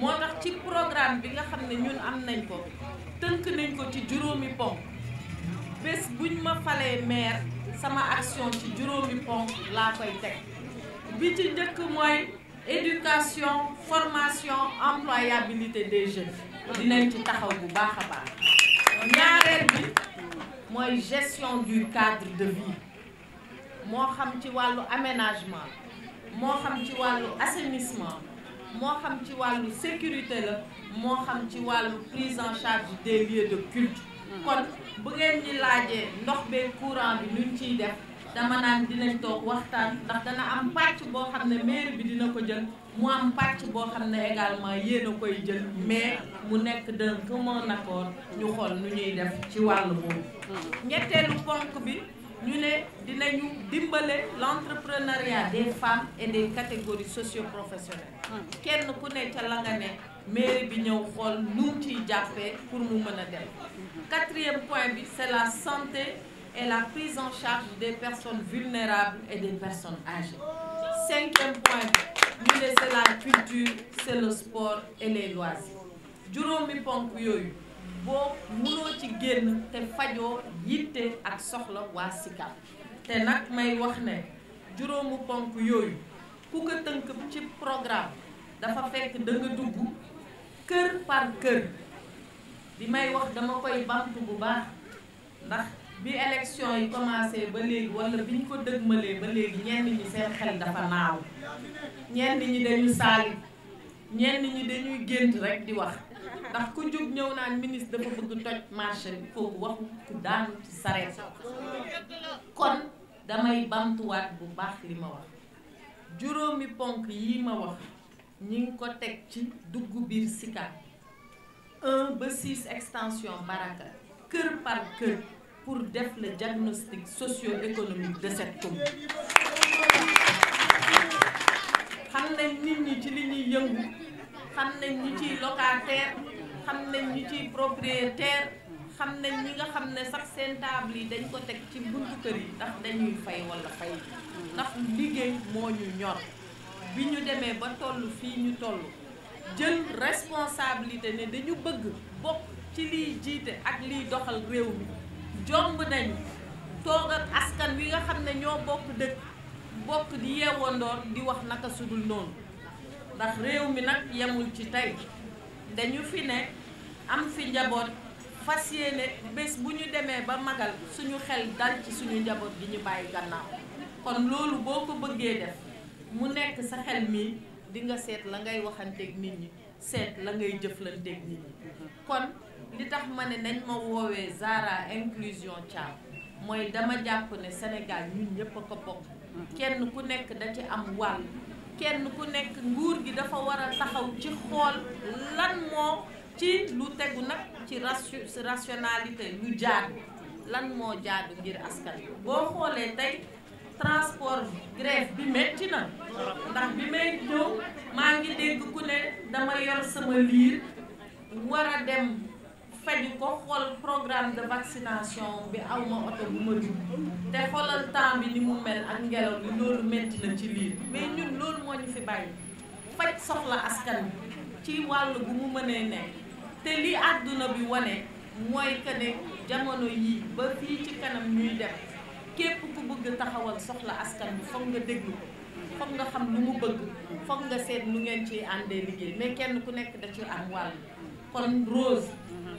moo tax ci programme bi nga xam ne ñun am nañ ko tënk nañ ko ci juróomi ponk bés buñ ma falee maire sama action ci juróomi ponk laa koy teg bi ci njëkk mooy éducation formation employabilité des jeunes dinañ ci taxaw bu baax a baax ñaareel bi mooy gestion du cadre de vie moo xam ci wàllu aménagement moo xam ci wàllu assainissement moo xam ci wàllu sécurité la moo xam ci wàllu prise en charge des lieux de culte mm. kon bu ngeen ñi laajee ndox bee courant bi nuñ ciy def dama naan dinañ toog waxtaan ndax dana am pàcc boo xam ne mairie bi dina ko jën mu am pàcc boo xam ne également yéen a koy jën mais mu nekk d'un commun accord ñu xool nu ñuy def ci wàllu boobu mm. ñetteelu ponk bi ñu ne dinañu dimbale l'entrepreneuriat des femmes et des catégories socio-professionnelles kenn ku ne ca la nga ne mairie bi ñëw xool nu mu ciy jàppee pour mu mën a dem quatrième point bi c'est la santé et la prise en charge des personnes vulnérables et des personnes âgées cinquième point bi ñu ne c'est la culture c'est le sport et les loisirs juróomi ponk yooyu boo mënoo ci génn te fajoo yitte ak soxla waa Sicap te nag may wax ne juróomu ponk yooyu ku ko tënk ci programme dafa fekk da nga dugg kër par kër bi may wax dama koy bantu bu baax ndax bi élection yi commencé ba léegi walla bi ñu ko dëgmalee ba léegi ñenn ñi seen xel dafa naaw ñenn ñi dañu saali ñenn ñi dañuy gént rek di wax ndax ku jóg ñëw naan ministre dafa bëgg toj marché bi foofu waxu ku daanu kon damay bamtuwaat bu baax li ma wax juróomi ponk yi ma wax ñi ngi ko teg ci dugg biir Sicap 1 ba 6 extension Baraka kër par kër pour def le diagnostic socio-économique de cette commune xam nañ nit ñi ci li ñuy yëngu xam nañ ñi ciy locataire xam nañ ñi ciy propriétaire xam nañ ñi nga xam ne sax seen yi dañ ko teg ci buntu kër yi ndax dañuy fay walla fay ndax liggéey moo ñu ñor bi ñu demee ba toll fii ñu toll jël responsabilité ne dañu bëgg bokk ci liy jiite ak liy doxal réew mi jomb nañu toog askan wi nga xam ne ñoo bokk dëkk bokk di yeewandoor di wax naka sudul noonu ndax réew mi nag yemul ci tey dañu fi ne am fi njaboot fas yéene bés bu ñu demee ba magal suñu xel dal ci suñu njaboot gi ñu bàyyi gannaaw kon loolu boo ko bëggee def mu nekk sa xel mii di seet la ngay waxanteeg nit ñi seet la ngay jëflanteeg nit ñi kon li tax ma ne nañ ma woowee Zahra Inclusion Thiam mooy dama jàpp ne senegal ñun ñëpp a ko bokk kenn ku nekk da ci am wàll kenn ku nekk nguur gi dafa war a taxaw ci xool lan moo ci lu tegu nag ci rationalité lu jaadu lan moo jaadu ngir askan boo xoolee tey transport grève bi metti na ndax bi may ñëw maa ngi dégg ku ne dama yor sama liir war a dem faju ko xool programme de vaccination bi aw ma oto bu ma jub te xoolal temps bi ni mu mel ak ngelaw bi loolu metti la ci lii mais ñun loolu moo ñu fi bàyyi faj soxla askan bi ci wàll bu mu mënee nekk te li àdduna bi wane mooy que ne jamono yii ba fii ci kanam ñuy def képp ku bëgg taxawal soxla askan bi foog nga déglu ko foog nga xam lu mu bëgg foog nga seet lu ngeen ciy àndee liggéey mais kenn ku nekk da ci am wàll kon Rose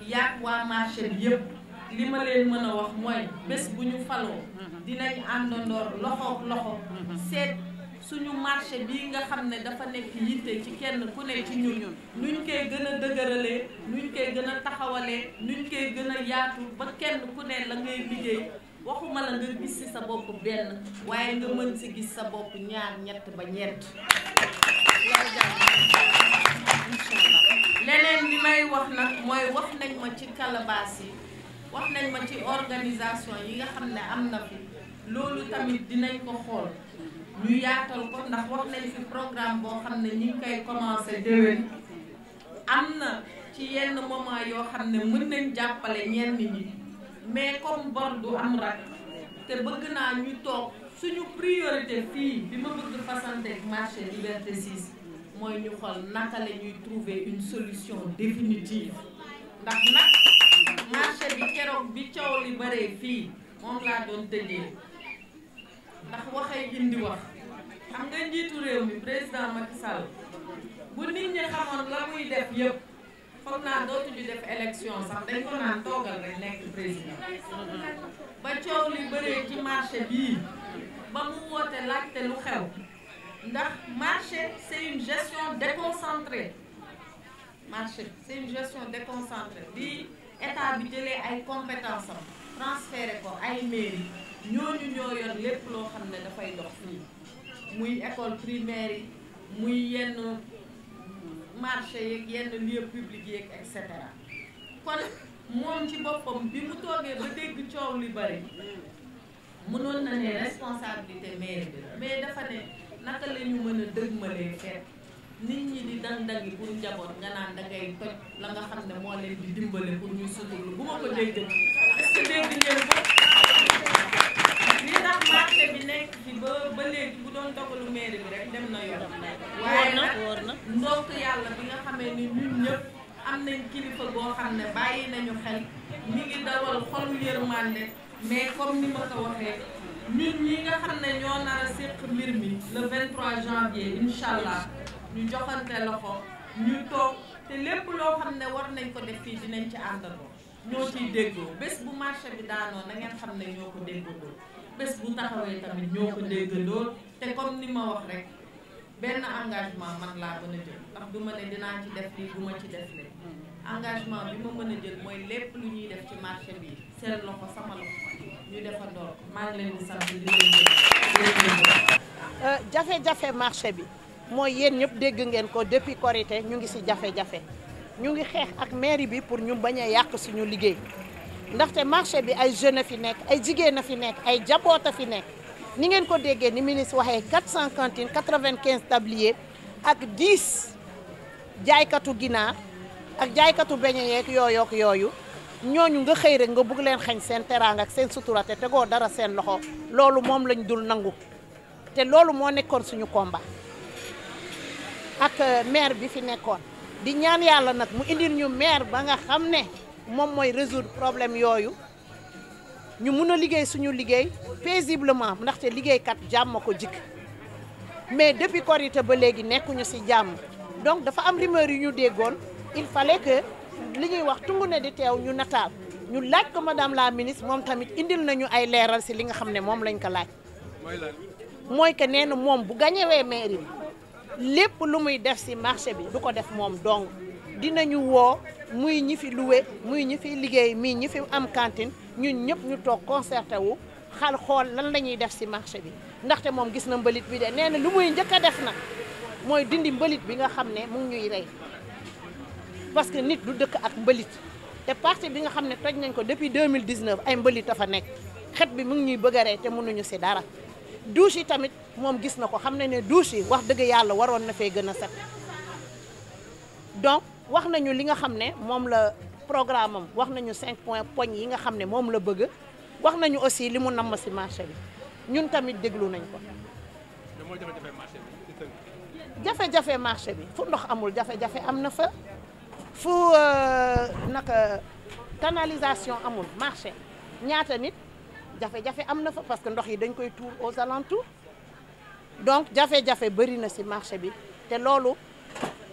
yaag waa marché bi yëpp li ma leen mën a wax mooy bés bu ñu faloo mhm. dinañ àndandoor loxoog loxo mhm. seet suñu marché bii nga xam ne dafa nekk yitte ci kenn ku ne ci ñun nuñ koy gën a dëgërale nuñ koy gën a taxawalee nuñ koy gën a yaatu ba kenn ku ne la ngay liggéey waxuma la nga gis ci sa bopp benn waaye nga mën ci gis sa bopp ñaar ñett ba ñeent leneen li may wax na mooy wax nañ ma ci calebasse yi wax nañ ma ci organisation yi nga xam ne am na fi loolu tamit dinañ ko xool lu yaatal ko ndax wax nañ fi programme boo xam ne ñi ngi koy commencé déwén am na ci yenn moment yoo xam ne mën nañ jàppale ñenn ñi mais comme bor du am rak te bëgg naa ñu toog suñu priorité fii bi ma bëgg fasante marché liberté 6 mooy ñu xool naka la ñuy trouver une solution définitive ndax nag marché bi keroog bi coow li bëree fii moom laa doon tëjee ndax waxay indi wax xam nga njiitu réew mi président Macky Sall bu nit ñi xamoon la muy def yëpp foog naa dootuñu def élection sax dañ ko naan toogal rek nekk président ba coow li bëree ci marché bii ba mu woote laajte lu xew ndax marché c'est une gestion déconcentrée marché c'est une gestion déconcentrée bi état bi jëlee ay compétence am transféré ko ay mairie ñooñu ñoo yor lépp loo xam ne dafay dox fii muy école primaire yi muy yenn marché yeeg yenn lieu public yeeg et cetera kon moom ci boppam bi mu toogee ba dégg coow li bari mënoon na ne responsabilité mairie bi mais dafa ne naka la mën a dëgmalee feet nit ñi di dandangi pour njaboot nga naan da toj la nga xam ne moo leen di dimbale pour ñu suturlu bu ma ko dégg est-ce que dégg ngeen ko li tax marché bi nekk fi ba ba léegi bu doon dogalu mairie bi rek dem na yoon waaye nag ndokk yàlla bi nga xamee ni ñun ñëpp am nañ kilifa goo xam ne bàyyi nañu xel mi ngi dawal xolu yërmande mais comme ni ma ko waxee ñun ñi nga xam ne ñoo nar a séq mbir mi le 23 janvier incha allah ñu joxante loxo ñu toog te lépp loo xam ne war nañ ko def fii dinañ ci àndandoo ñoo ciy déggoo bés bu marché bi daanoo na ngeen xam ne ñoo ko déggandoo bés bu taxawee tamit ñoo ko déggandoo te comme ni ma wax rek benn engagement man laa mën a jël ndax du ma ne dinaa ci def lii du ma ci def lii engagement bi ma mën a jël mooy lépp lu ñuy def ci marché bi seen loxo sama loxo. ñu defandoo maa ngi leen euh, jafe-jafe marché bi mooy yéen ñëpp dégg ngeen ko depuis Korité ñu ngi ci jafe-jafe ñu ngi xeex ak mairie bi pour ñu bañ a yàq suñu liggéey ndaxte marché bi ay jeunes a fi nekk ay jigéen a fi nekk ay jaboot a fi nekk ni ngeen ko déggee ni ministre waxee 400 cantines 95 tablier ak 10 jaaykatu ginaar ak jaaykatu beñe yeeg yooyook yooyu ñooñu nga xëy rek nga bugg leen xañ seen teraanga ak seen sutura te tegoo dara seen loxo loolu moom lañ dul nangu te loolu moo nekkoon suñu komba ak euh, maire bi fi nekkoon di ñaan yàlla nag mu indil ñu maire ba nga xam ne moom mooy résoudre problème yooyu ñu mun a liggéey suñu liggéey paisiblement ndaxte liggéeykat jàmm ko jikk mais depuis Korité ba léegi nekkuñu si jàmm donc dafa am rumeur yu ñu déggoon il fallait que li ñuy wax tungu ne di teew ñu nataal ñu laaj ko madame la ministre moom tamit indil nañu ay leeral si li nga xam ne moom lañ ko laaj. mooy que nee na moom bu gañewee mairie bi lépp lu muy def si marché bi du ko def moom dong dinañu woo muy ñi fi loué muy ñi fi liggéey mii ñi fi am cantine ñun ñëpp ñu toog concerté wu xal xool lan la ñuy def si marché bi ndaxte moom gis na mbalit bi de nee na lu muy njëkk a def na mooy dindi mbalit bi nga xam ne mu ñuy parce que nit du dëkk ak mbalit te parti bi nga xam ne toj nañ ko depuis 2019 ay mbalit a fa nekk xet bi mu ngi ñuy bëgg a rey te mënuñu si dara douche yi tamit moom gis na ko xam ne ne douche yi wax dëgg yàlla waroon na fee gën a set donc wax nañu li nga xam ne moom la programme am wax nañu cinq point poñ yi nga xam ne moom la bëgg wax nañu aussi li mu namm si marché bi ñun tamit déglu nañ ko jafe-jafe marché bi fu ndox amul jafe-jafe am na fa fu euh, naka canalisation amul marché ñaata nit jafe-jafe am na fa parce que ndox yi dañ koy tuur aux alentours donc jafe-jafe bëri na ci marché bi te loolu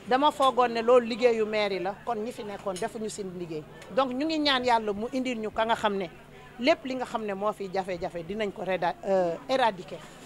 dama foogoon ne loolu liggéeyu maire yi la kon ñi fi nekkoon ñu seen liggéey donc ñu ngi ñaan yàlla mu indil ñu ka nga xam ne lépp li nga xam ne moo fi jafe-jafe dinañ ko reda euh, éradiquer